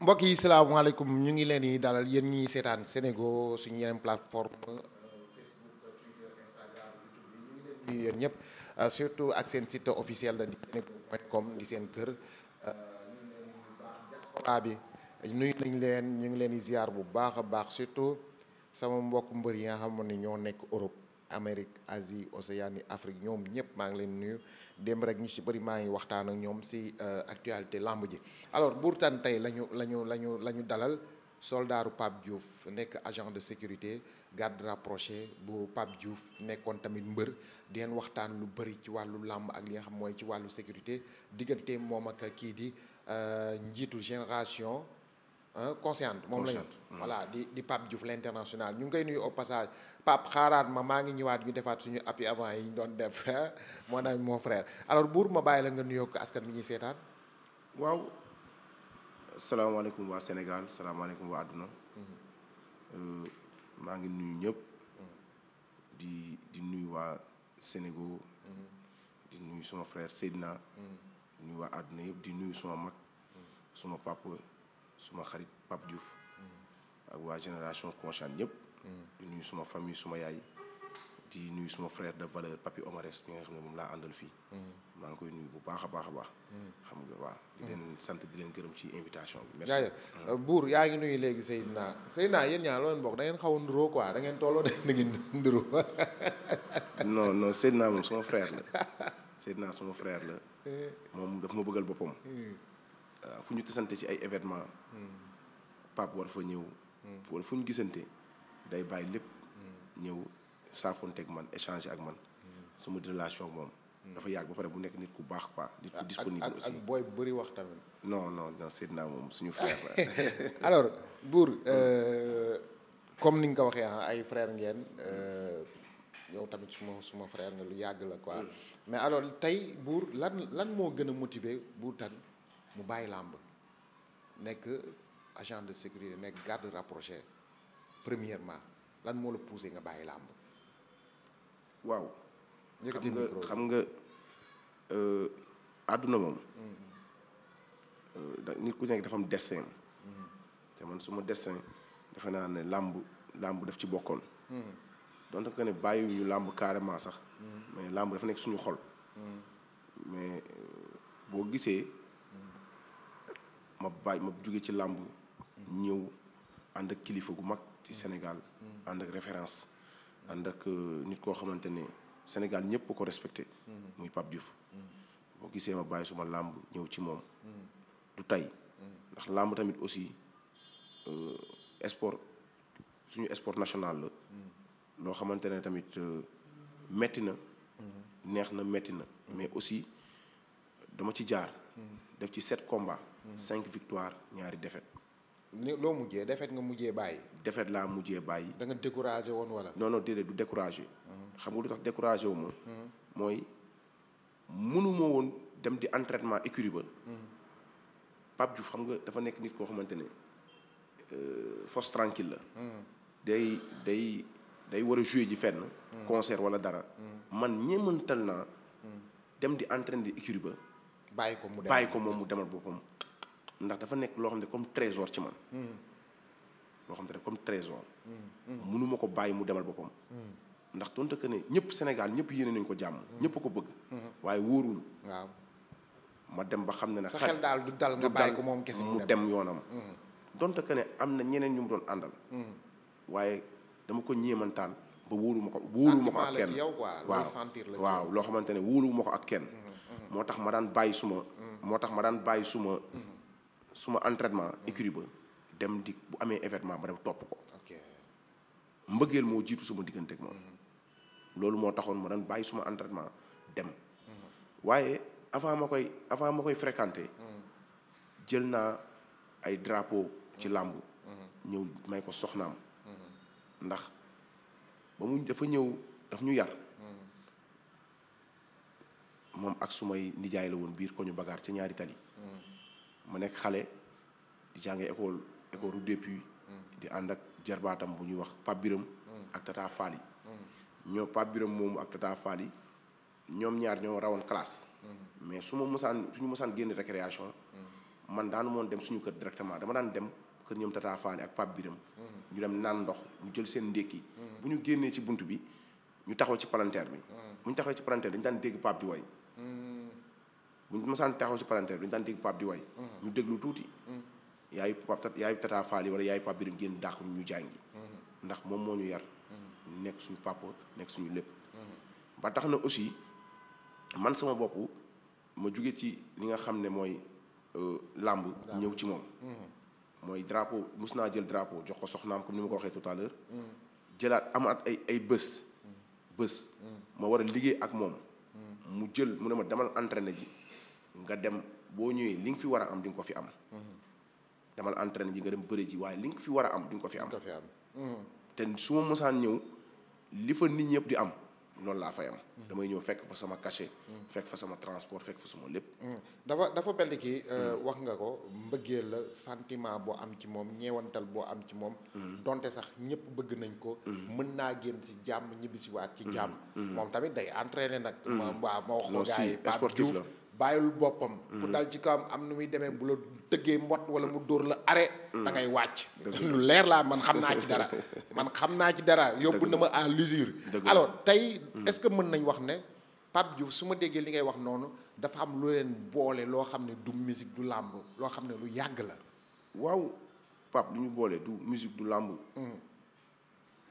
mbokk yi salaamaaleykum ñu ngi leen yi dalal yéen ñi seetaan Sénégo suñu yeneen plateforme euh, Facebook Twitter Instagram ñëpp euh, surtout ak seen site officiel di sénégo.com di seen kër euh, ñu ngi leen bi nuyu nañ leen ñu ngi leen di ziar bu baax a baax surtout sama mbokk mbër yi nga xam ni ñoo nekk Europe Amérique Asie Océanie Afrique ñoom ñëpp maa ngi leen nuyu démb rek ñu ci bëri maa ngi waxtaan ak ñoom ci euh, actualité làmb ji alors Bourtane tey la ñu la ñu la ñu la ñu dalal soldaaru Pape Diouf nekk agent de sécurité garde rapproché bu Pape Diouf nekkoon tamit mbër den waxtaan lu bëri ci wàllu làmb ak li nga xam mooy ci wàllu sécurité diggante moom ak kii di euh, njiitu génération. conscient moom lañu hmm. voilà di di Pape Diouf l'international ñu ngi koy nuyu au passage Pape xaaraat ma maa ngi ñëwaat ñu defaat suñu appui avant yi ñu doon def mon ami mon frère alors buur ma bàyyi la nga nuyoo ko askan bi ñuy seetaan waaw salaamaaleykum waa Sénégal salaamaaleykum waa àdduna mm-hmm. euh, maa ngi nuyu ñëpp mm-hmm. di di nuyu waa Sénégal mm-hmm. di nuyu suma frère Seydina di nuyu waa àdduna yëpp di nuyu suma mag suma papa suma xarit Pape Diouf ak waa génération consciente ñëpp di nuyu suma famille suma yaay di nuyu suma frère de valeur Papi Omares mi nga xam ne moom laa àndal fii maa ngi koy nuyu bu baax a baax a baax xam nga waaw di leen sant di leen gërëm ci invitation bi merci euh, buur yaa ngi nuyu léegi Seydina Seydina yéen ñaar loo leen bokk da ngeen xaw a nduróo quoi da ngeen tolloo da ngeen nduróo non non Seydina moom suma frère la naa suma frère la eh. moom daf ma bëggal boppam eh. Euh, fu ñu tasante ci ay événement Pape war fa ñëw. wala fu ñu gisante day bàyyi lépp. ñëw saafonte ak man échanger ak man. sama relation moom. dafa yàgg ba pare bu nekk nit ku baax quoi. nit ku disponible aussi ak booy bëri wax tamit. non non non naa moom suñu frère la. alors Bour euh, comme ni nga ko waxee ah ay frère ngeen euh, yow tamit su ma suma frère nga lu yàgg la quoi. Mm. mais alors tey Bour lan lan moo gën a motiver Bour Tane mu bàyyi làmb nekk agent de sécurité nekk garde rapproché premièrement lan moo la poussé nga bàyyi làmb waaw xam nga xam nga euh, àdduna moom mm-hmm. euh, nit ku nekk dafa am destin mm-hmm. te man suma destin defe naa ne làmb làmb def ci bokkoon mm-hmm. donte que ne bàyyiwuñu làmb carrément sax mais làmb dafa nekk suñu xol mais euh, boo gisee ma bàyyi ma jóge ci làmb ñëw ànd ak kilifa gu mag ci Sénégal ànd ak référence ànd ak euh, nit koo xamante ne Sénégal ñëpp ko respecté muy Pape Diouf boo gisee ma bàyyi suma làmb ñëw ci moom du tey ndax làmb tamit aussi euh, sport suñu sport national la loo xamante ne tamit euh, metti na neex na metti na mais aussi dama ci jaar def ci sept combats cinq victoires ñaari défaite. loo mujjee défaite nga mujjee bàyyi. défaite laa mujjee bàyyi. da nga découragé woon wala. non non du découragé. Mhm. xam nga lu tax découragé wu ma. Mhm. mooy mënu woon dem di entraînement écurie ba. Mhm. Pape Diouf xam nga dafa nekk nit koo xamante ne euh, force tranquille la. day day day war a jouer ji fenn. concert wala dara. man ñeemantal naa. dem di entraîner écurie ba. ko mu demal bàyyi ko moom mu demal boppam. ndax dafa nekk loo xam ne comme trésor ci man. Hmm. loo xam ne comme trésor. Hmm. Hmm. mënu ko bàyyi mu demal boppam. ndax tontu que ne ñëpp Sénégal ñëpp yéene nañ ko jàmm. ñëpp ko bëgg. waaye wóorul. ma dem ba xam ne nag. sa xel daal du dal bàyyi ko moom kese mu dem yoonam. donte que ne am na ñeneen ñu mu doon àndal. waaye dama ko ñeemantaal ba wóoruma ko wóoruma ko ak kenn waaw waaw loo xamante ne wóoruma ko ak kenn. moo tax ma daan bàyyi suma. moo tax ma daan bàyyi suma suma entraînement écurie ba dem di bu amee événement ba dem topp ko mbëggeel moo jiitu suma digganteek ak moom loolu moo taxoon ma doon bàyyi suma entraînement dem mhm. waaye avant ma koy avant ma koy fréquenter mhm. jël naa ay drapeau ci mhm. làmb ñëw may ko soxnaam ndax ba mu dafa ñëw daf ñu yar moom ak sumay nijaay la woon biir ko ñu bagaar ci ñaari tali ma nekk xale di jàngee école école depuis hmm. di ànd ak jarbaatam bu ñuy wax Pape Biram hmm. ak Tata Fall yi hmm. ñoo Biram moomu ak Tata Fall yi ñoom ñaar ñoo rawoon classe mais su ma mosaan suñu mosaan génn récréation man daanu moon dem suñu kër directement dama daan dem kër ñoom Tata Fall ak Pape Biram ñu dem naan ndox ñu jël seen ndékki bu ñu génnee ci bunt bi ñu taxaw ci palanteer bi bu ñu taxaw ci palanteer dañu daan dégg Pape di way bu ñu masaan taxaw ci palanteer bi dañu daan dégg Pape di way mm-hmm. ñu déglu tuuti. Mm-hmm. yaayu Pape yaayu Tata Faali wala yaayu Pape Birame génn dàq ñu jàngi. Mm-hmm. ndax moom moo ñu yar. nekk suñu papa nekk suñu lépp. ba tax na aussi man sama bopp ma jóge ci li nga xam ne mooy euh, làmb ñëw ci moom. mooy drapeau mus naa jël drapeau jox ko soxnaam comme ni ma ko waxee tout à l'heure jëlaat amaat ay ay bés. bés ma war a liggéey ak moom. mu jël mu ne ma demal entraîné ji. nga dem boo ñëwee li nga fi war a am di nga ko fi am. demal entraîné ji nga dem bëri ji waaye li nga fi war a am di nga ko fi am. te su ma mosaan ñëw li fa nit ñëpp di am loolu laa fay am. damay ñëw fekk fa sama cachet. fekk fa sama transport fekk fa suma lépp. Hmm. dafa dafa mel ki euh, wax nga ko mbëggeel la sentiment boo am ci moom ñeewantal boo am ci moom. Hmm. donte sax ñëpp bëgg nañ ko. Hmm. mën naa génn ci jàmm ñibbisiwaat ci jàmm. moom tamit day entraîné nag. waaw ma wax ko gars la bàyyil boppam. Mm. ku dal ci kawam am nu muy demee bu la tëggee mbot wala mu dóor la arrêt. Mm. da ngay wàcc. lu leer laa man xam naa ci dara. man xam naa ci dara yóbbu na ma à l'usure. alors tey mm. est-ce que mën nañ wax ne Pape Diouf su ma déggee li ngay wax noonu dafa am lu leen boole loo xam ne du musique du làmb loo xam ne lu yàgg la. waaw Pape du ñu boole du musique du làmb.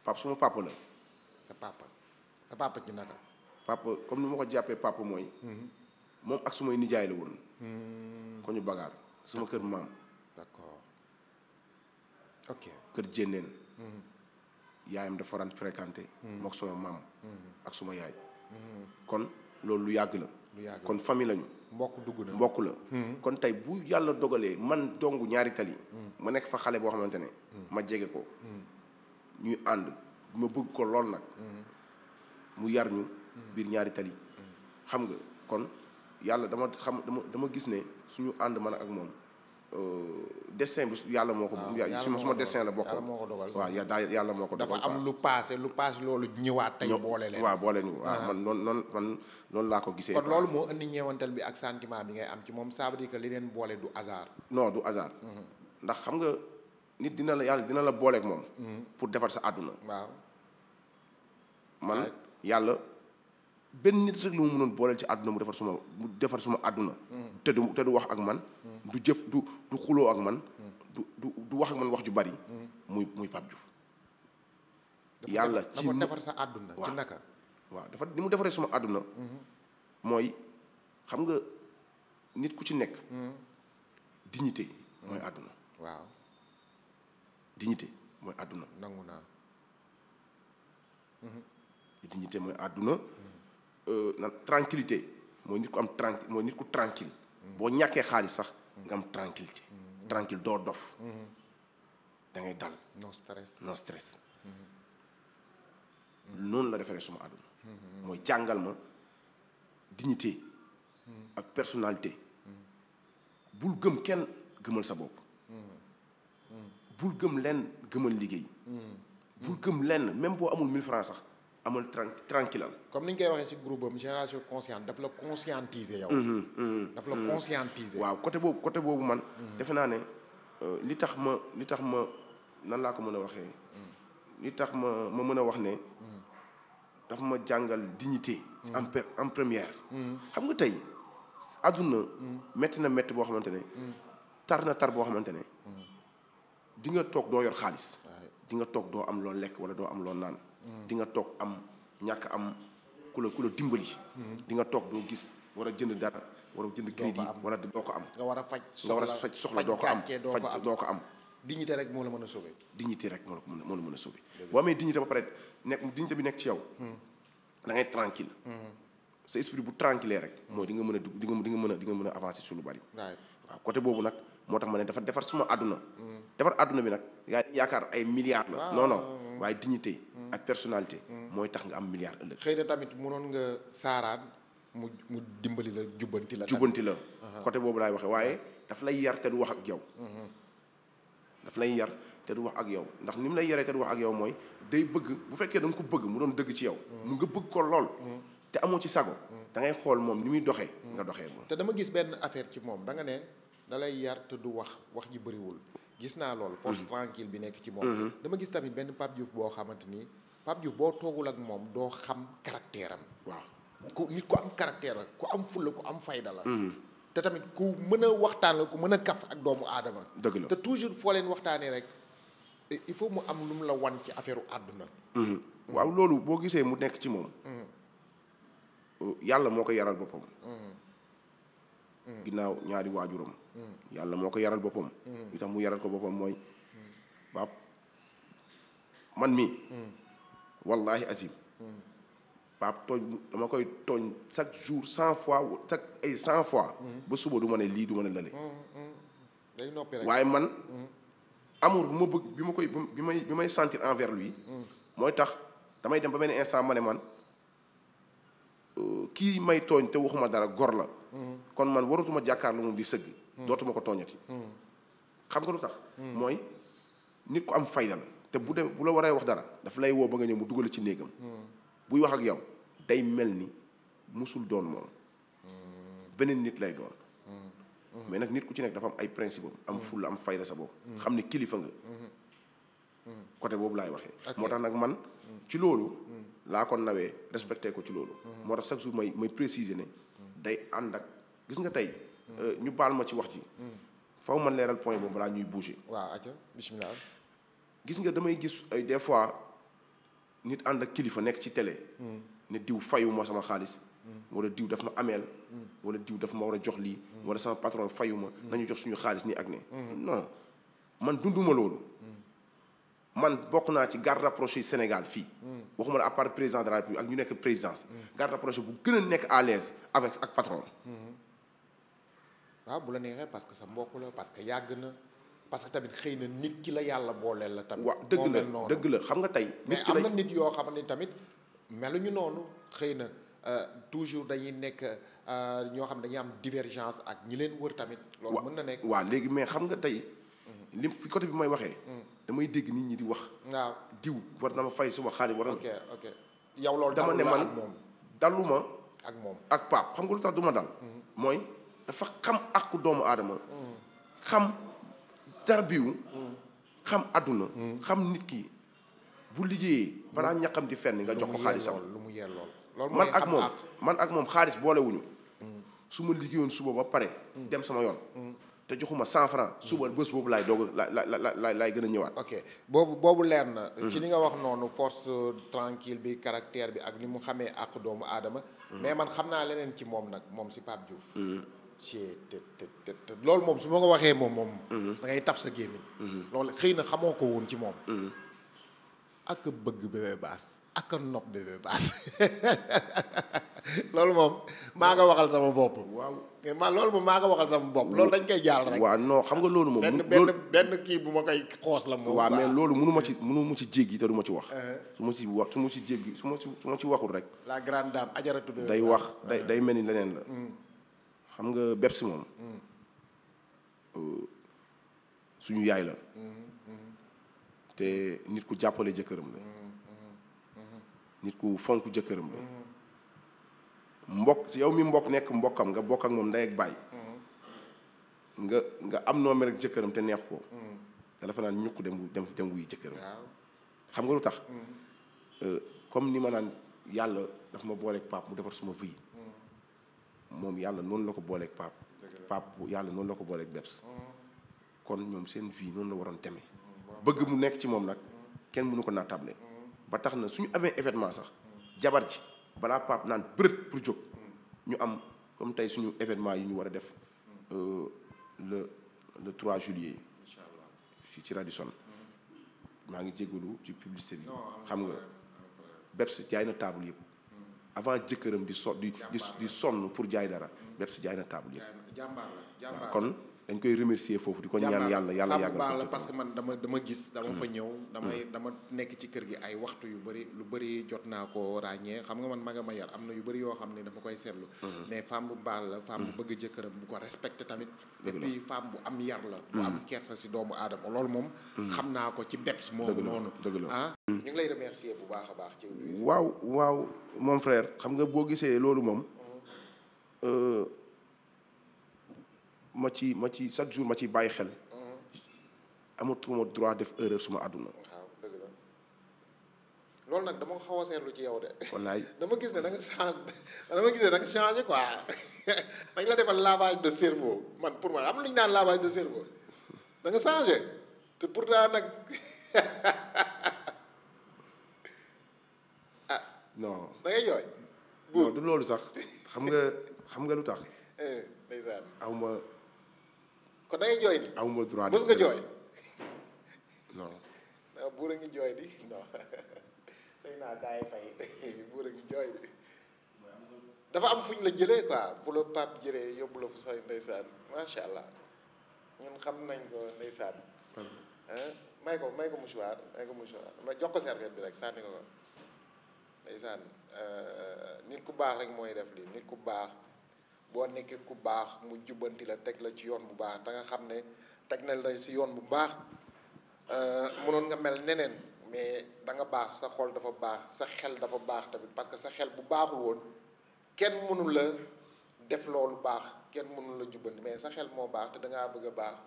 Pape suma papa la. sa papa sa papa ci nag papa comme nu ma ko jàppee pap mooy. Mm-hmm. moom ak sumay nijaay la woon. Hmm. ko ñu bagaar sama kër maam. d'accord kër jénneen hmm. yaayam dafa faran fréquenté. Hmm. mook sama maam. ak suma yaay. kon loolu lu yàgg la. kon famille lañu. mbokk dugg na la. kon tey bu yàlla dogalee man dong ñaari tali. ma nekk fa xale boo xamante ne. ma jege ko. ñuy ànd ma bëgg ko lool nag. mu yar ñu. biir ñaari tali. xam nga kon. yàlla dama xam dama dama gis ne suñu ànd man ak moom euh, destin bi yàlla moo ko. waaw ah, suma destin la bokk. yàlla moo ko dogal waaw yàlla moo ko dogal. dafa am lu passé lu passé loolu ñëwaat tey boole leen. waa boole ñu waaw ah. man noonu noonu man laa ko gisee. kon loolu moo indi ñeewantal bi ak sentiment bi ngay am ci moom ça veut dire que li leen boole du hasard. non du hasard. Mm-hmm. ndax xam nga nit dina la yàlla dina la booleek moom. Mm-hmm. pour defar sa àdduna. waaw man yàlla. benn nit rek lu mu mënoon booleel ci àdduna mu defar suma mu defar suma àdduna mm-hmm. te du te du wax ak man mm-hmm. du jëf du xuloo ak man mm-hmm. du du wax ak man wax ju bari muy muy Pape Diouf yàlla ci àdduna ci naka waaw dafa li mu defaree suma àdduna mooy xam nga nit ku ci nekk dignité mooy àdduna waaw mooy àdduna nangu naa dignité mooy àdduna Euh, na tranquillité mooy nit ku am tranquille boo ñàkkee xaalis sax nga am tranquillité tranquille doo dof da dal no stress no stress noonu la defaree suma àdduna mooy jàngal ma dignité ak personnalité bul gëm kenn gëmal sa bopp bul gëm lenn gëmal liggéey bul gëm lenn même boo amul mille francs sax amal tranquille comme ni ñu koy waxee ci groupe am génération consciente daf la conscientiser yow. Mm-hmm, mm-hmm, daf la mm-hmm. conscientiser. waaw côté boobu côté boobu man. defe naa ne euh, li tax ma li tax ma nan laa ko mën a waxee. Mm. li tax ma ma mën a wax ne. Mm. daf ma jàngal dignité. Mm. en en première. xam nga tey àdduna. métti na métti boo xamante ne. tar na tar boo xamante ne. di nga toog doo yor xaalis. di nga toog doo am loo lekk wala doo am loo naan. di nga toog am ñàkk am ku la ku la dimbali. di nga toog doo gis war a jënd dara war a jënd crédit wala doo ko am. nga war a faj soxla nga war a faj soxla doo ko am faj doo ko am. dignité rek moo la mën a sauver. dignité rek moo la moo la mën a sauver. boo amee dignité ba pare nekk dignité bi nekk ci yow. da ngay tranquille mm-hmm. sa esprit bu tranquille rek. mooy di nga mën a dugg di nga mën a di nga mën a avancer su lu bari. waaw côté boobu nag moo tax ma ne dafa defar suma àdduna. Mm. defar àdduna bi nag yaa yaakaar ay milliards la. non non waaye dignité ak personnalité. mooy tax nga am milliard ëllëg. xëy na tamit mënoon nga saaraan mu mu dimbali la jubbanti la. jubbanti la uh-huh. côté boobu laay waxee waaye daf lay yar te du wax ak yow. Uh-huh. daf lay yar te du wax ak yow ndax ni mu lay yaree te wax ak yow mooy day bëgg bu fekkee da ko bëgg mu doon dëgg ci yow. Uh-huh. mu nga bëgg ko lool. amoo ci sago. da xool moom ni muy doxee. nga doxee moom te dama gis benn affaire ci moom danga nga ne da lay yar te du wax wax ji bëriwul. gis naa loolu force mm-hmm. tranquille bi nekk ci moom mm-hmm. dama gis tamit benn Pape Diouf boo xamante ni Pape Diouf boo toogul ak moom doo xam caractère am waaw ku nit ku am caractère ku am fulla ku am fayda la mm-hmm. te tamit ku mën a waxtaan la ku mën a kaf ak doomu aadama dëgg la te toujours foo leen waxtaanee rek il faut mu am lu mu la wan ci affaire àdduna waaw loolu boo gisee mu nekk ci moom yàlla moo ko yaral boppam ginnaaw ñaari waajuram yàlla moo ko yaral boppam li tax mu yaral ko boppam mooy baab man mii wallahi azim paap tooñ dama koy tooñ chaque jour cent fois chaque ay cent fois mm-hmm. ba suba du ma lii du ma ne lale mm-hmm. waaye man mm-hmm. amour bi ma bëgg bi ma koy bi may bi may sentir envers lui mooy tax damay dem ba benn instant ma ne man euh, kii may tooñ te waxuma dara gor la kon man waratuma jàkkaarloo moom di sëgg. dootuma ko tooñati. xam nga lu tax. mooy nit ku am fayda te bu de bu la waree wax dara daf lay woo ba nga ñëw mu dugal ci néegam. buy wax ak yow day mel ni musul doon moom. beneen nit lay doon. mais nag nit ku ci nekk dafa am ay principe am fulla am fayda sa bopp. xam ni kilifa nga. côté boobu laay waxee. moo tax nag man ci loolu. laa ko nawee respecté ko ci loolu. moo tax chaque jour may may ne. day ànd ak gis nga tey. Euh, ñu baal ma ci wax ji. faw ma neeral point boobu balaa ñuy bouger. waaw ok bismillah. gis nga damay gis ay des fois nit ànd ak kilifa nekk ci télé. ne diw fayu ma sama xaalis. wala diw daf ma ameel. wala diw daf ma war a jox lii. wala sama patron fayu nañu jox suñu xaalis ni ak ne. non man dunduma loolu. man bokk naa ci garde rapproché Sénégal fii. waxuma la à part président de la République ak ñu nekk présidence. garde rapproché bu gën nekk à l'aise avec ak patron. waaw mm-hmm. ah, bu la neexee parce que sa mbokk la parce que yàgg na parce que tamit xëy na nit ki la yàlla booleel la. tamit waaw dëgg la dëgg la xam nga tey. nit nit yoo xam ne tamit meluñu noonu xëy na euh, toujours dañuy nekk euh, ñoo xam ne am divergence ak ñi leen wër tamit. loolu mën na nekk waaw léegi mais xam nga tey. Mm-hmm. li fi côté bi may waxee. Mm-hmm. damay dégg nit ñi di wax. waaw diw war na ma fay suma xaalis war na. ok yow loolu dama ne man daluma ak moom ak paap xam nga lu tax du dal. Mhm. mooy dafa xam àqu doomu aadama. Mhm. xam tarbiwu. Mhm. xam àdduna. xam nit ki bu liggéeyee balaa ñaqam di fenn nga jox ko xaalisam. lu mu yee lool man ak moom man ak moom xaalis boolewuñu. su ma liggéeyoon suba ba pare. dem sama yoon. te joxuma cent franc suba bés boobu laay doog la la la gën a ñëwaat. ok boobu boobu leer na. Mm-hmm. ci li nga wax noonu force tranquille bi caractère bi ak ni mu xamee ak doomu aadama. Mm-hmm. mais man xam naa leneen ci moom nag moom si Pape Diouf. Mm-hmm. ci te loolu moom su ma ko waxee moom moom. da taf sa gémmiñ. loolu xëy na xamoo ko woon ci moom. ak bëgg baas. ak a nopp bébé baas loolu moom maa nga waxal sama bopp. waaw eh, ma loolu maa nga waxal sama bopp loolu dañ koy jaal rek. waaw non xam nga loolu moom. benn benn benn kii bu ma koy xoos la moom. waa mais loolu mënu ma ci mënu ma ci jéggi te du ma ci wax. Uh-huh. su ma ci wax su ma ci jéggi su ma ci su ma ci waxul rek. la grande dame ajaratu bébé day wax day uh-huh. day mel ni leneen la. Mm. xam nga Beps moom. Mm. Euh, suñu yaay la. Mm-hmm. Mm-hmm. te nit ku jàppale jëkkëram la. Mm. nit ku fonk jëkkëram la mbokk si yow mi mbokk nekk mbokkam nga bokk ak moom ndey ak bàyyi nga nga am noo mel ak jëkkëram te neexu ko mm-hmm. te dafa naan ñukk dem dem dem wuy jëkkëram xam nga lu tax mm-hmm. euh, comme ni ma naan yàlla daf ma booleeg paap mu defar suma vie mm-hmm. moom yàlla noonu la ko booleeg paap paap yàlla noonu la ko booleeg beps kon ñoom seen vie noonu la waroon demee bëgg mu nekk ci moom nag kenn mënu ko naatable ba tax na suñu amee événement sax jabar ji balaa paap naan bërët pour jóg ñu am comme tey suñu événement yi ñu war a def euh, le le 3 juillet fii ci Radisson mm-hmm. maa ngi jégalu ci publicité bi xam nga BEPS jaay na table yëpp mm-hmm. avant jëkkëram di so di di sonn pour jaay dara mm-hmm. BEPS jaay na table yëpp waaw kon dañ koy remercier foofu di ko ñaan yàlla yàlla yàggal ko parce que man dama dama gis dama fa mm. ñëw damay mm. dama nekk ci kër gi ay waxtu yu bëri lu bëri jot naa ko ràññee xam nga man ma ma yar am na yu bëri yoo xam ne dafa koy seetlu mm-hmm. mais femme bu baax la femme bu mm. bëgg jëkkëram bu ko respecté tamit et puis bu am yar la bu am kersa si doomu aadama loolu moom xam naa ko ci BEPS moom noonu dëgg la ah ñu ngi lay remercier bu baax a baax ci waaw waaw mon frère xam nga boo gisee loolu moom euh, ma ci ma ci chaque jour ma ci bàyyi xel amatuma droit def erreur suma àdduna loolu nag dama xaw a seetlu ci yow de. wallaay dama gis ne da nga changé dama gis ne da nga changé quoi dañ la defal lavage de cerveau man pour man am lu ñu naan lavage de cerveau nga changé te pourtant nag ah. non da jooy. du loolu sax xam nga xam nga lu tax. Eh, ndeysaan aw kon da ngay jooy di. aw de nga jooy. non. Ah, buur a ngi jooy di non sëy naa buur a ngi jooy di. dafa am fu la jëlee quoi fu la Pape jëlee yóbbu la fu sooy ndeysaan macha allah ñun xam nañ ko ndeysaan. may ko may ko mouchoir may ko mouchoir ma jox ko serviette bi rek sànni ko ko ndeysaan euh, nit ku baax rek mooy def lii nit ku baax. boo nekkee ku baax mu jubbanti la teg la ci yoon bu baax da nga xam ne teg na la si yoon bu baax euh, mënoon nga mel neneen mais da nga baax sa xol dafa baax sa xel dafa baax tamit parce que sa xel bu baaxul woon kenn mënu la def loolu baax kenn mënula la jubbanti mais sa xel moo baax te da ngaa bëgg a baax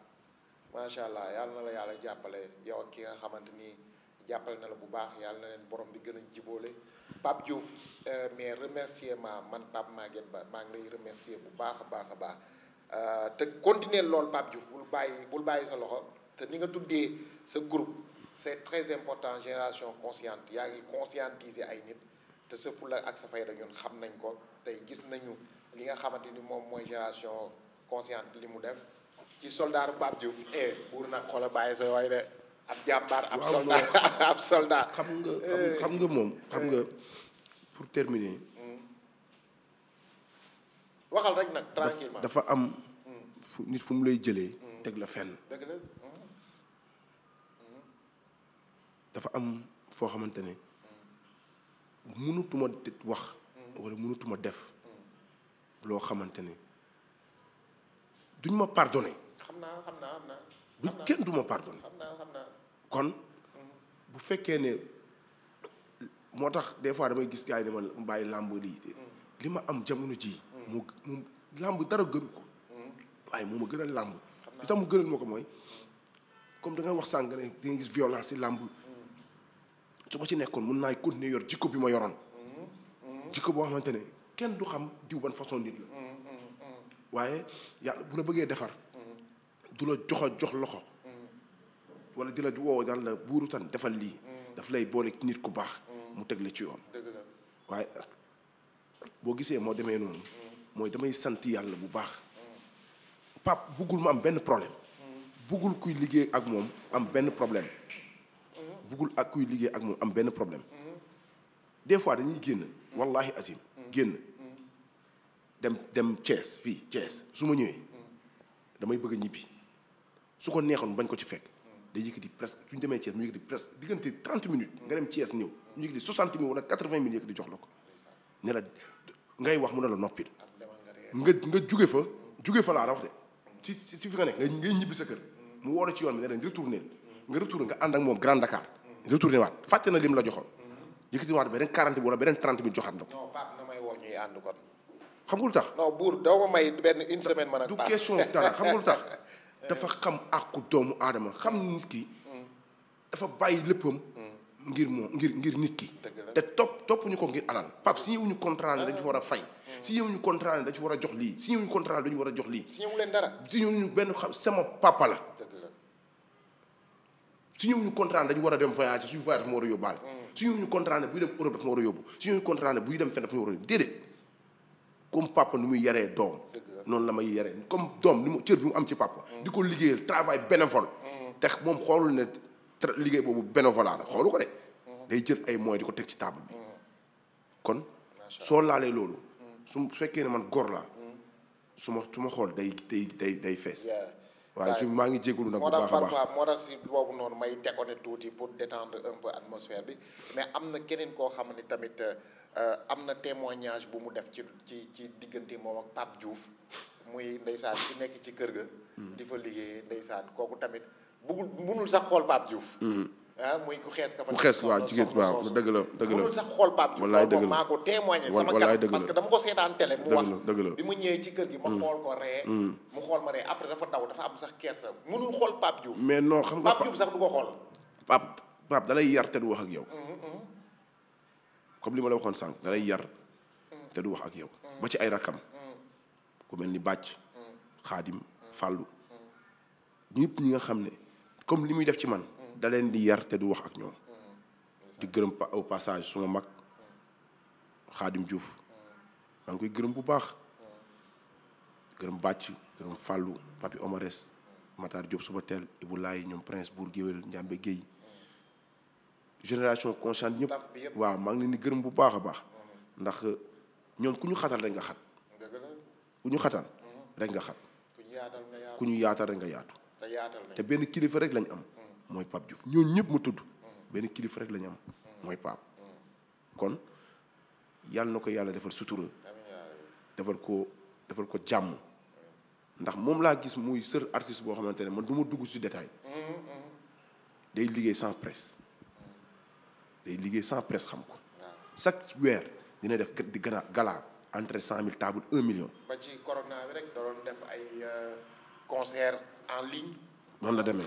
macha allah yàlla na la yàlla jàppale yow ak ki nga xamante nii jàppale na la bu baax yàlla na leen borom bi gën a jiboole Pape Diouf euh, mais remercier ma man Pape Maguette Ba maa ngi lay remercier bu baax a baax a baax euh, te continuer lool Pape Diouf bul bàyyi bul bàyyi sa loxo te ni nga tuddee sa groupe c'est très important génération consciente yaa ngi conscientiser ay nit te sa fulla ak sa fayda ñun xam nañ ko tey gis nañu li nga xamante ni moom mooy génération consciente li mu def ci soldat Pape Diouf eh buur nag xoola bàyyi sa waay ab jàmbaar ab xam nga eh. xam nga moom xam nga pour terminer. Mm. waxal dafa am mm. nit fu mu lay jëlee mm. teg la fenn dafa am foo xamante ne mënutuma wax wala mënutuma def loo xamante ne duñ ma pardonné xam naa kenn du ma pardonné kon bu fekkee ne moo tax des fois damay gis gars yi dama bàyyi làmb lii mm. li ma am jamono ji mu mm. mu làmb dara gënu ko mm. waaye moo gën a làmb li tax mu gënal ma ko mooy comme da nga wax sànq ne da nga gis violence ci làmb su ma ci nekkoon mun naa continuer yor jikko bi ma yoroon jikko boo xamante ne kenn du xam diw ban façon nit la waaye yàlla bu la bëggee defar du la joxo jox loxo wala di ju woo daan la buuru tan defal lii. Mm. daf lay booleek nit ku baax. Mm. mu teg la ci yoon. waaye boo gisee moo demee noonu. Mm. mooy damay sant yàlla bu baax. pap buggul ma am benn problème. buggul kuy liggéey ak moom am benn problème. buggul ak kuy liggéey ak moom am benn problème. des fois dañuy génn wallahi azim génn dem dem Thiès fii Thiès su ma ñëwee damay bëgg a ñibbi su ko neexoon bañ ko ci fekk. day yëkkati presque suñu demee Thiès mu yëkkati presque diggante 30 minutes nga dem Thiès ñëw ñu yëkkati 60 mille wala 80 mille yëkkati jox la ko ne ngay wax mu ne la noppil nga nga juge fa juge fa laa la wax de ci ci fi nga nekk ngay ñibbi sa kër mu woo la ci yoon bi ne leen retourné nga retourné nga ànd ak moom Grand Dakar retourné waat fàtte na lim la joxoon yëkkati waat beneen 40 wala beneen 30 mille joxaat la ko. na may woo ñuy ànd kon. xam nga lu tax. ma may benn une xam nga lu dafa xam àqu doomu aadama xam nit ki dafa bàyyi léppam ngir moom ngir ngir nit ki te topp ñu ko ngir alal pap ah. si ñëwuñu contrat ne dañu war a fay hmm. si ñëwuñu contrat ne dañu war a jox lii si ñëwuñu contrat dañu war a jox lii si ñëwu leen dara si ñëwuñu benn xam sama papa la dañu war a dem voyage suñu voyage daf ma war a yóbbaale su ñëwuñu ne buy dem Europe daf ma war a yóbbu su ñëwuñu contrat ne buy dem fenn daf ma war a yóbbu déedéet comme papa nu muy yaree doom noonu la may yere comme doom li mu cër bi mu am ci papa. di ko liggéeyal travail bénévole. te moom xoolul ne liggéey boobu bénévole la xoolu ko de. day jël ay moyens di ko teg ci table bi. kon soo laalee loolu. su fekkee ne man góor laa. su ma su ma xool day day day day fees. waaw je maa ngi jégalu nag bu baax a baax moo tax si boobu noonu may teggoon tuuti pour détendre un peu atmosphère bi mais am na keneen koo xam ne tamit euh, am na témoignage bu mu def ci ci ci diggante moom ak Pape juuf muy ndeysaan ci nekk ci kër ga. Hmm. di fa liggéeyee ndeysaan kooku tamit bëggul mënul sax xool Pape Diouf. Hmm. ah muy ku xees ka fa. ku xees waaw jigéen waaw dëgg la dëgg la mënul sax xool Pape Diouf. wallaay dëgg la maa ko témoigner sama kat parce que dama ko seetaan télé. mu wax bi ma ñëwee ci kër gi ma mm. xool ko ree. Mm. mu xool ma ree après dafa daw dafa am sax ker xool Pape mais non xam nga Pape Diouf sax du xool. Pape Pape dalay yar te du wax ak yow. Mm, comme li ma la waxoon sànq dalay yar te du wax ak yow. ba ci ay rakam. ku mel ni bàcc. xaadim fàllu ñëpp ñi nga xam ne comme li muy def ci man. da leen di yar te du wax ak ñoom di gërëm passage suma mag Xaadim juuf maa ngi koy gërëm bu baax gërëm bàcc gërëm fàllu Papi Omares Matar Diop suba teel Ibou ñoom Prince Bour Géwél Njambe Guèye génération consciente ñëpp waaw maa ngi leen di gërëm bu baax a baax ndax ñoom ku ñu xatal rek nga xat ku ñu xatal rek nga xat ku ñu yaatal rek nga yaatu te benn kilifa rek lañ am mooy Pape Diouf ñooñu ñëpp mu tudd benn kilifa rek la ñu am mooy Pape kon yàlla na ko yàlla defal sutura defal ko defal ko jàmm ndax moom laa gis muy sër artiste boo xamante ne man duma dugg si détail day liggéey sans presse day liggéey san presse xam ko chaque weer dina def di gana gala entre cent mille table un million. ba ci corona bi rek da doon def ay euh, concert en ligne. noonu la demee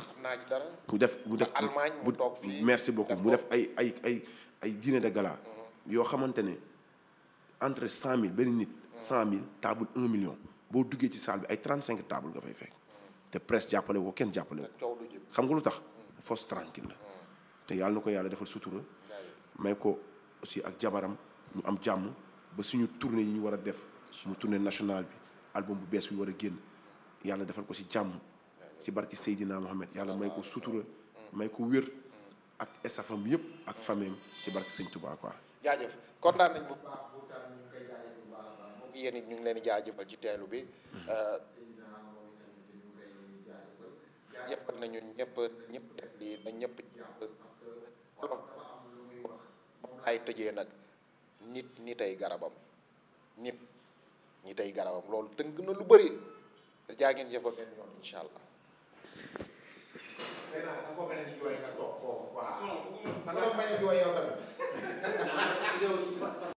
mu def mu def merci beaucoup mu def ay ay ay ay dîner de gala mhm. yoo xamante ne entre cent mille benn nit mhm. cent mille table un million boo duggee ci salle bi ay trente cinq table nga fay fekk mhm. te presse jàppale ko kenn jàppale ko xam nga lu tax force tranquille la te yàlla na ko yàlla defal sutura may ko aussi ak jabaram ñu am jàmm ba suñu tournée yi ñu war a def mu tournée nationale bi album bu bees bi war a génn yàlla defal ko ci jàmm si barki Seydina Mohamed yàlla may ko sutura may ko wér ak estafam yëpp ak fameem ci barki Sëñ Touba quoi. jaajëf kontaan nañ bu baax ñu ngi koy ñu ngi leen di jaajëfal ci teelu bi. Mm-hmm. Euh, yëppal nañu ñëpp ñëpp def lii na ñëpp olof moom nag nit ñi tey garabam nit ñi tey garabam loolu tënk na lu bari te jaa ngeen jëfal yoon incha allah nee naa sax boo bañ a di nga toog foofu waaw. non da nga doon bañ a jooy yow tamit.